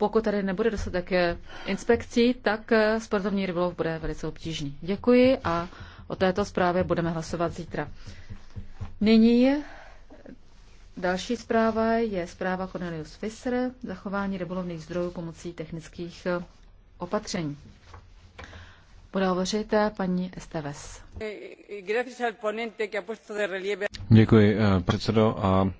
pokud tady nebude dostatek eh, inspekcí, tak eh, sportovní rybolov bude velice obtížný. Děkuji a o této zprávě budeme hlasovat zítra. Nyní další zpráva je zpráva Cornelius Fisser, zachování rybolovných zdrojů pomocí technických eh, opatření. Bude hovořit paní Esteves. Děkuji, předsedo. A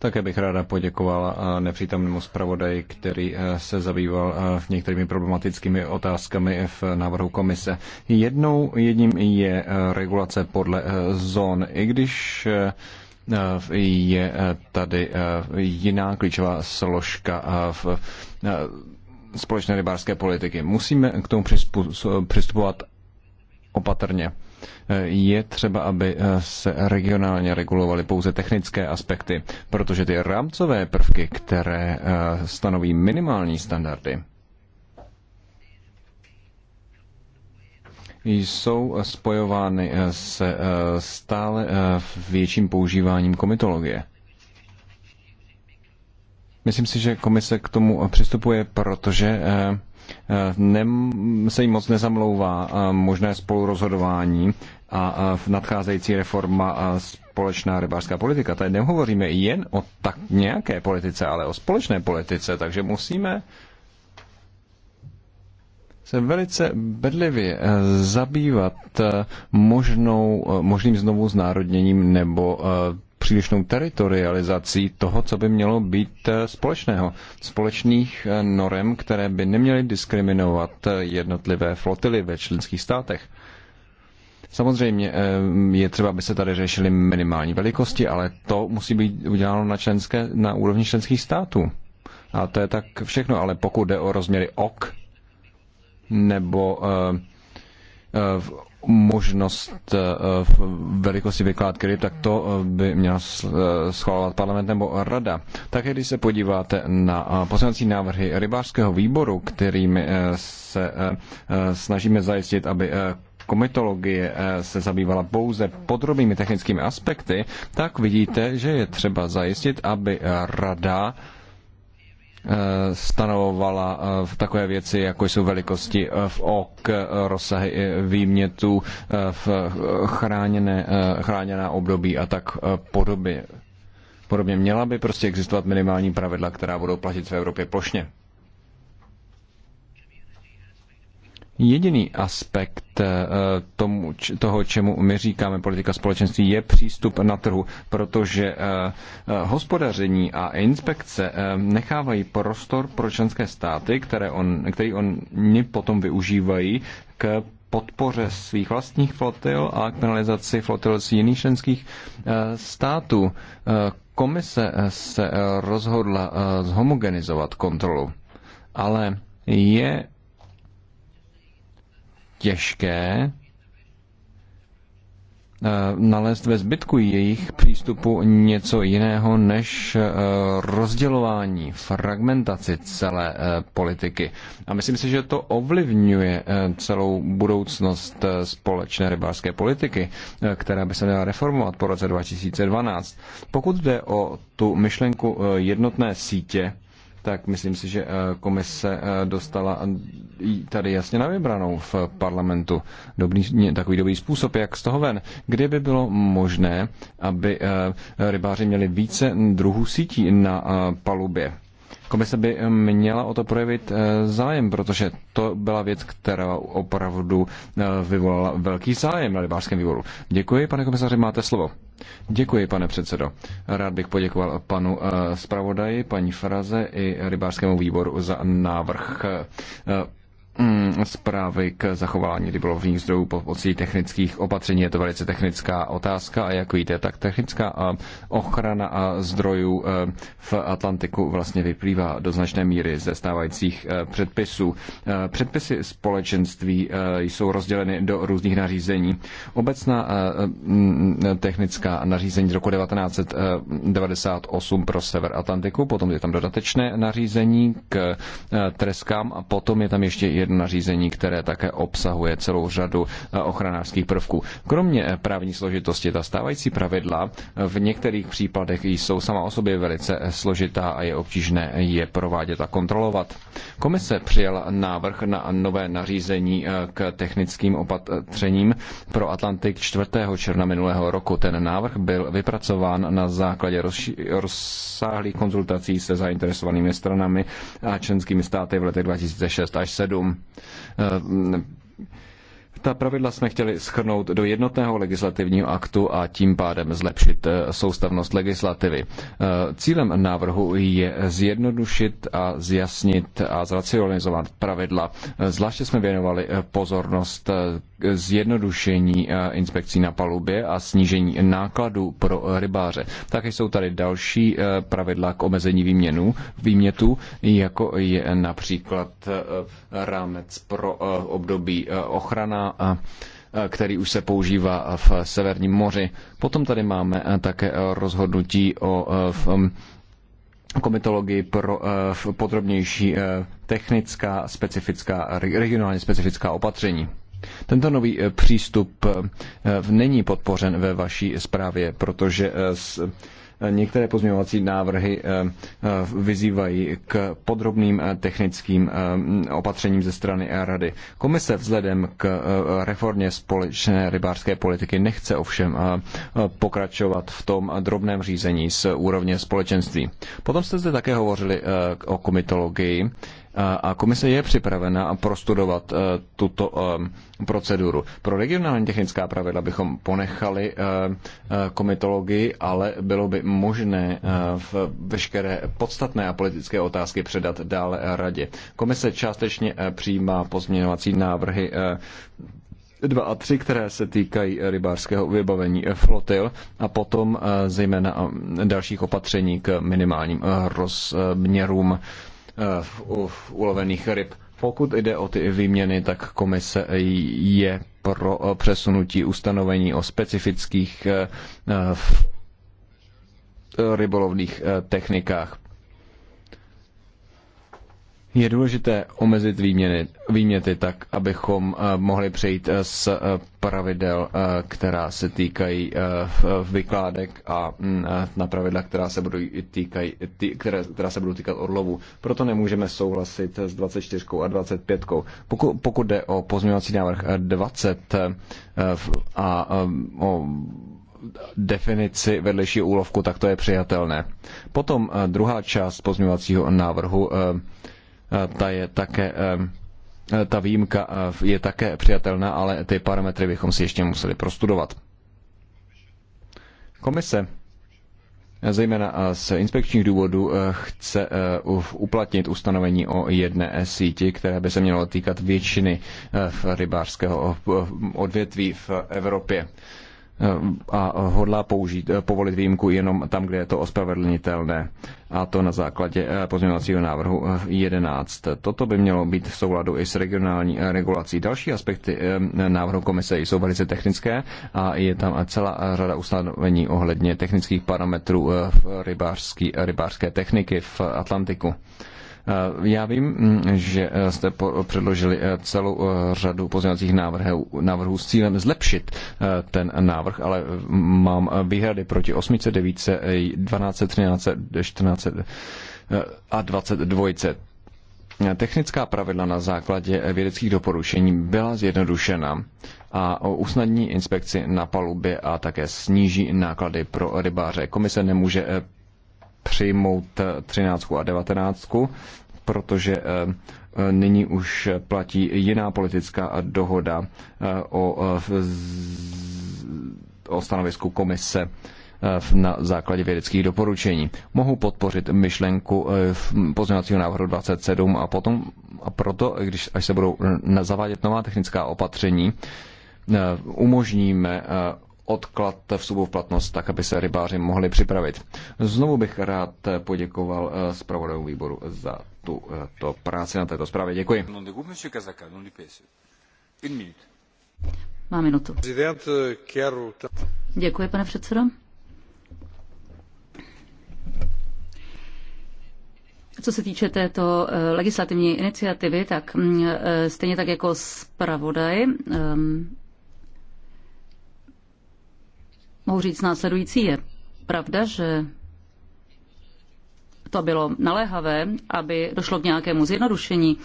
také bych ráda poděkoval eh, nepřítomnému zpravodaji, který eh, se zabýval eh, některými problematickými otázkami v návrhu komise. Jednou jedním je regulace podle zón, i když je tady jiná klíčová složka v společné rybářské politiky. Musíme k tomu přistupovat opatrně. Je třeba, aby eh, se regionálně regulovaly pouze technické aspekty, protože ty rámcové prvky, které eh, stanoví minimální standardy, jsou spojovány eh, se stále větším používáním komitologie. Myslím si, že komise k tomu přistupuje, protože ne, se jim moc nezamlouvá možné spolurozhodování a v nadcházející reforma a společná rybářská politika. Tady nehovoříme jen o tak nějaké politice, ale o společné politice, takže musíme se velice bedlivě e, zabývat e, možnou, e, možným znovu znárodněním nebo přílišnou teritorializací toho, co by mělo být eh, společného. Společných eh, norem, které by neměly diskriminovat eh, jednotlivé flotily ve členských státech. Samozřejmě je třeba, aby se tady řešily minimální velikosti, ale to musí být uděláno na, členské, na úrovni členských států. A to je tak všechno, ale pokud jde o rozměry ok nebo uh, Eh, možnost eh, velikosti vykládky ryb, tak to eh, by měla schvalovat parlament nebo rada. Také když se podíváte na poslanecí návrhy rybářského výboru, kterými se snažíme zajistit, aby komitologie se zabývala pouze podrobnými technickými aspekty, tak vidíte, že je třeba zajistit, aby rada Eh, stanovovala v eh, takové věci, jako jsou velikosti eh, v ok, rozsahy výmětů, v chráněné, chráněná období a tak podobně. Podobně měla by prostě existovat minimální pravidla, která budou platit v Evropě plošně. Jediný aspekt eh, tomu, toho, čemu my říkáme politika společenství, je přístup na trhu, protože eh, eh, hospodaření a inspekce nechávají prostor pro členské státy, které on, který oni potom využívají k podpoře svých vlastních flotil a k penalizaci flotil z jiných členských států. Komise se rozhodla zhomogenizovat kontrolu, ale je těžké eh, nalézt ve zbytku jejich přístupu něco jiného než eh, rozdělování, fragmentaci celé eh, politiky. A myslím si, že to ovlivňuje celou budoucnost společné rybářské politiky, která by se měla reformovat po roce 2012. Pokud jde o tu myšlenku jednotné sítě, tak myslím si, že eh, komise eh, dostala eh, tady jasně na vybranou v parlamentu dobrý, takový dobrý způsob, jak z toho ven. by bylo možné, aby rybáři měli více druhů sítí na palubě? Komise by měla o to projevit zájem, protože to byla věc, která opravdu vyvolala velký zájem na rybářském výboru. Děkuji, pane komisaři, máte slovo. Děkuji, pane předsedo. Rád bych poděkoval panu eh, zpravodaji, paní Fraze i rybářskému výboru za návrh eh, Mm, zprávy k zachování rybolovních zdrojů pocí technických opatření. Je to velice technická otázka a jak víte, tak technická ochrana a zdrojů e, v Atlantiku vlastně vyplývá do značné míry ze stávajících e, předpisů. E, předpisy společenství jsou rozděleny do různých nařízení. Obecná technická nařízení z roku 1998 pro sever Atlantiku, potom je tam dodatečné nařízení k treskám a potom je tam ještě jedno jedno nařízení, které také obsahuje celou řadu eh, ochranářských prvků. Kromě eh, právní složitosti, ta stávající pravidla eh, v některých případech jsou sama o sobě velice složitá a je obtížné je provádět a kontrolovat. Komise přijala návrh na nové nařízení k technickým opatřením pro Atlantik 4. června minulého roku. Ten návrh byl vypracován na základě rozsáhlých konzultací se zainteresovanými stranami a členskými státy v letech 2006 až 2007. Eh, ta pravidla jsme chtěli schrnout do jednotného legislativního aktu a tím pádem zlepšit eh, soustavnost legislativy. Eh, cílem návrhu je zjednodušit a zjasnit a zracionalizovat pravidla. Zvláště jsme věnovali pozornost zjednodušení eh, inspekcí na palubě a snížení nákladů pro rybáře. Také jsou tady další eh, pravidla k omezení výměnu, výmětu, jako je například eh, rámec pro období ochrana a který už se používá v Severním moři. Potom tady máme také rozhodnutí o v komitologii pro podrobnější technická, specifická, regionálně specifická opatření. Tento nový eh, přístup eh, není podpořen ve vaší zprávě, protože eh, s některé pozměňovací návrhy vyzývají k podrobným technickým opatřením ze strany Rady. Komise vzhledem k reformě společné rybářské politiky nechce ovšem pokračovat v tom drobném řízení z úrovně společenství. Potom jste zde také hovořili o komitologii a komise je připravena prostudovat e, tuto e, proceduru. Pro regionální technická pravidla bychom ponechali e, komitologii, ale bylo by možné v veškeré podstatné a politické otázky předat dále radě. Komise částečně přijímá pozměňovací návrhy dva a tři, které se týkají rybářského vybavení flotil a potom zejména dalších opatření k minimálním rozměrům Eh, ulovených ryb. Pokud jde o ty výměny, tak komise je pro eh, přesunutí ustanovení o specifických eh, rybolovných technikách. Je důležité omezit výměny, výměty tak, abychom eh, mohli přejít eh, z eh, pravidel, která se týkají vykládek a mm, na pravidla, která se budou, týkají, tý, které, která se budou týkat odlovu. Proto nemůžeme souhlasit s 24 a 25. Pokud, pokud jde o pozměňovací návrh 20 a o definici vedlejšího úlovku, tak to je přijatelné. Potom druhá část pozměňovacího návrhu Eh, ta je také eh, ta výjimka eh, je také přijatelná, ale ty parametry bychom si ještě museli prostudovat. Komise zejména z inspekčních důvodů chce uplatnit ustanovení o jedné síti, které by se mělo týkat většiny rybářského odvětví v Evropě. Eh, a hodlá použít, eh, povolit výjimku jenom tam, kde je to ospravedlnitelné. A to na základě eh, pozměňovacího návrhu 11. Toto by mělo být v souladu i s regionální regulací. Další aspekty návrhu komise jsou velice technické a je tam celá řada ustanovení ohledně technických parametrů v rybářský, rybářské techniky v Atlantiku. Eh, já vím, mm, že eh, jste předložili eh, celou řadu pozměňovacích návrhů, návrhů s cílem zlepšit ten návrh, ale mám výhrady proti 8, 9, 12, 13, 14 a 22. Technická pravidla na základě vědeckých doporučení byla zjednodušena a usnadní inspekci na palubě a také sníží náklady pro rybáře. Komise nemůže přijmout 13 eh, a 19, protože eh, eh, nyní už platí jiná politická dohoda o, o stanovisku komise na základě vědeckých doporučení. Mohu podpořit myšlenku pozměňovacího návrhu 27 a potom a proto, když až se budou zavádět nová technická opatření, umožníme odklad subu v platnost, tak aby se rybáři mohli připravit. Znovu bych rád poděkoval eh, zpravodajům výboru za tu eh, to práci na této zprávě. Děkuji. E. Má minutu. Eh, Děkuji, pane předsedo. Co se týče této legislativní iniciativy, tak mm, stejně tak jako zpravodaj ehm, mohu říct následující. Je pravda, že to bylo naléhavé, aby došlo k nějakému zjednodušení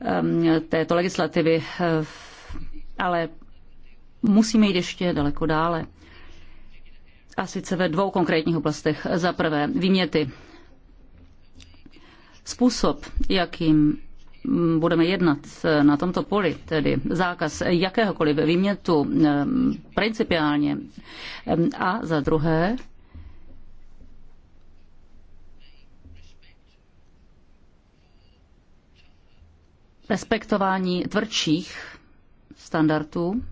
ehm, této legislativy, eh, ale musíme jít ještě daleko dále. A sice ve dvou konkrétních oblastech. Za prvé, výměty. Způsob, jakým budeme jednat na tomto poli, tedy zákaz jakéhokoliv výmětu principiálně, a za druhé respektování tvrdších standardů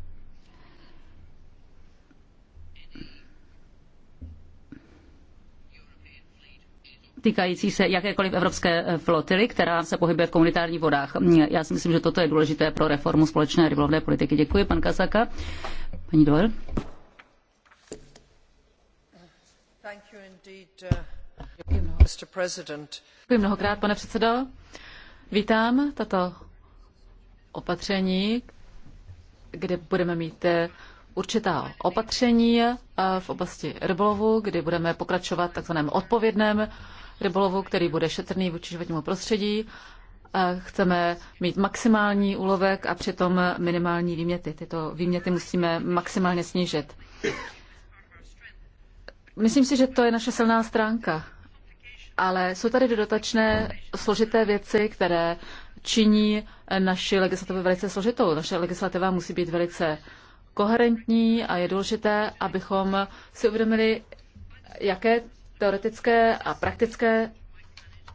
týkající se jakékoliv evropské eh, flotily, která se pohybuje v komunitárních vodách. Mm, já si myslím, že toto je důležité pro reformu společné rybolovné politiky. Děkuji, pan Kazaka. Paní Doyle. Uh, Děkuji mnohokrát, pane předsedo. Vítám tato opatření, kde budeme mít eh, určitá opatření eh, v oblasti rybolovu, kdy budeme pokračovat v takzvaném odpovědném rybolovu, který bude šetrný vůči životnímu prostředí. Chceme mít maximální úlovek a přitom minimální výměty. Tyto výměty musíme maximálně snížit. Myslím si, že to je naše silná stránka, ale jsou tady dodatečné složité věci, které činí naši legislativu velice složitou. Naše legislativa musí být velice koherentní a je důležité, abychom si uvědomili, jaké teoretické a praktické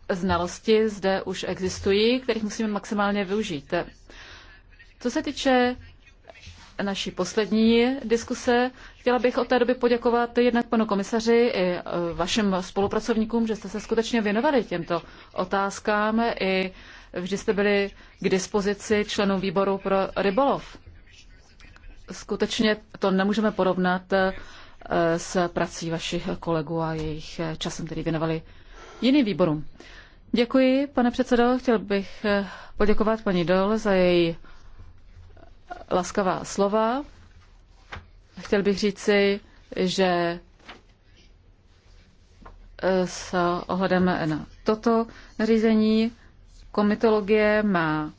znalosti zde už existují, kterých musíme maximálně využít. Co se týče naší poslední diskuse, chtěla bych od té doby poděkovat jednak panu komisaři i e, vašim spolupracovníkům, že jste se skutečně věnovali těmto otázkám i vždy jste byli k dispozici členů výboru pro rybolov. Skutečně to nemůžeme porovnat s prací vašich kolegů a jejich časem, který věnovali jiným výborům. Děkuji, pane předsedo. Chtěl bych eh, poděkovat paní Dol za její laskavá slova. Chtěl bych říci, že eh, s ohledem na toto nařízení komitologie má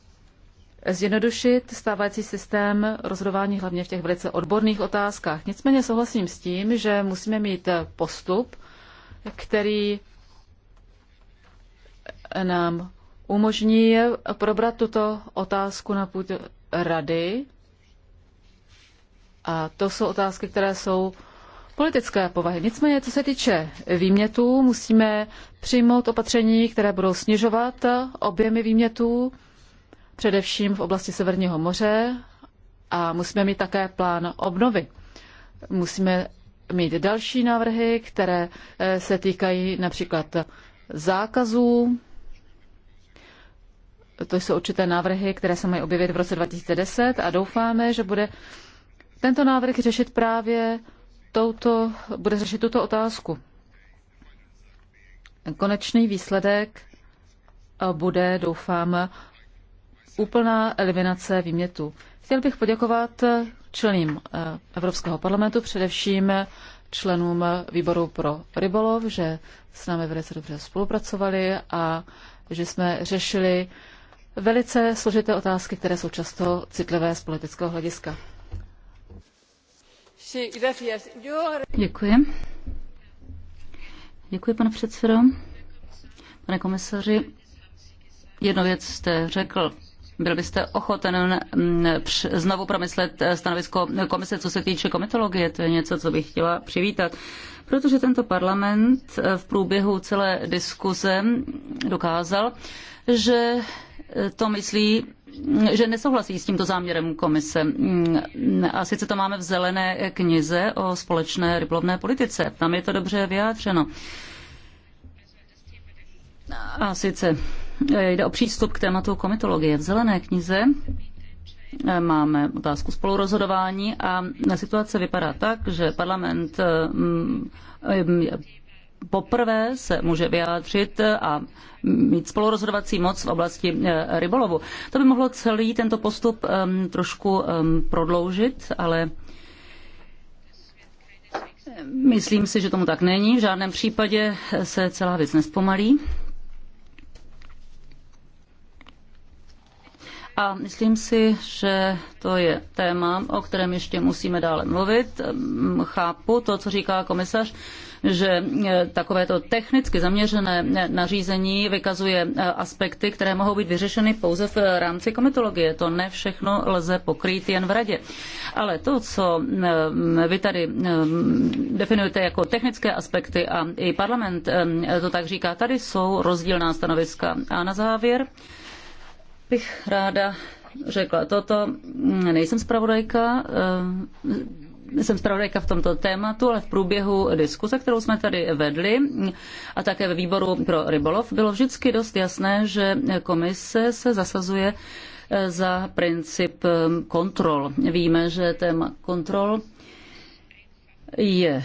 zjednodušit stávající systém rozhodování hlavně v těch velice odborných otázkách. Nicméně souhlasím s tím, že musíme mít postup, který nám umožní probrat tuto otázku na půd rady. A to jsou otázky, které jsou politické povahy. Nicméně, co se týče výmětů, musíme přijmout opatření, které budou snižovat objemy výmětů především v oblasti Severního moře a musíme mít také plán obnovy. Musíme mít další návrhy, které eh, se týkají například zákazů. To jsou určité návrhy, které se mají objevit v roce 2010 a doufáme, že bude tento návrh řešit právě touto, bude řešit tuto otázku. Konečný výsledek eh, bude, doufám, úplná eliminace výmětu. Chtěl bych poděkovat členům eh, Evropského parlamentu, především členům výboru pro rybolov, že s námi velice dobře spolupracovali a že jsme řešili velice složité otázky, které jsou často citlivé z politického hlediska. Děkuji. Děkuji, pane předsedo. Pane komisaři, jednu věc jste řekl. Byl byste ochoten mm, znovu promyslet eh, stanovisko komise, co se týče komitologie? To je něco, co bych chtěla přivítat. Protože tento parlament eh, v průběhu celé diskuze dokázal, že eh, to myslí mm, že nesouhlasí s tímto záměrem komise. Mm, a sice to máme v zelené knize o společné rybolovné politice. Tam je to dobře vyjádřeno. A sice Eh, jde o přístup k tématu komitologie. V zelené knize eh, máme otázku spolurozhodování a na situace vypadá tak, že parlament eh, mm, poprvé se může vyjádřit a mít spolurozhodovací moc v oblasti rybolovu. To by mohlo celý tento postup trošku prodloužit, ale myslím si, že tomu tak není. V žádném případě se celá věc nespomalí. A myslím si, že to je téma, o kterém ještě musíme dále mluvit. Hm, chápu to, co říká komisař, že eh, takovéto technicky zaměřené eh, nařízení vykazuje eh, aspekty, které mohou být vyřešeny pouze v rámci komitologie. To ne všechno lze pokrýt jen v radě. Ale to, co hm, vy tady hm, definujete jako technické aspekty a i parlament to tak říká, tady jsou rozdílná stanoviska. A na závěr, bych ráda řekla toto. Nejsem zpravodajka, eh, jsem zpravodajka v tomto tématu, ale v průběhu diskuse, kterou jsme tady vedli a také ve výboru pro rybolov, bylo vždycky dost jasné, že komise se zasazuje eh, za princip eh, kontrol. Víme, že téma kontrol je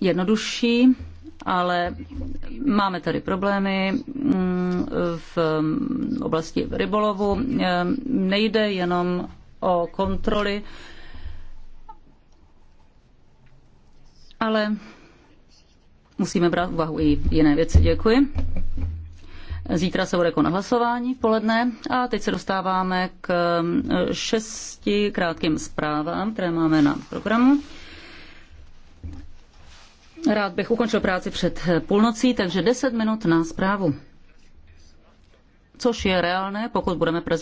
jednodušší ale máme tady problémy mm, mm, v oblasti rybolovu. Ehm, nejde jenom o kontroly, ale musíme brát v úvahu i jiné věci. Děkuji. Zítra se bude konat hlasování v poledne a teď se dostáváme k mm, šesti krátkým zprávám, které máme na programu. Rád bych ukončil práci před půlnocí, takže 10 minut na zprávu. Což je reálné, pokud budeme prezentovat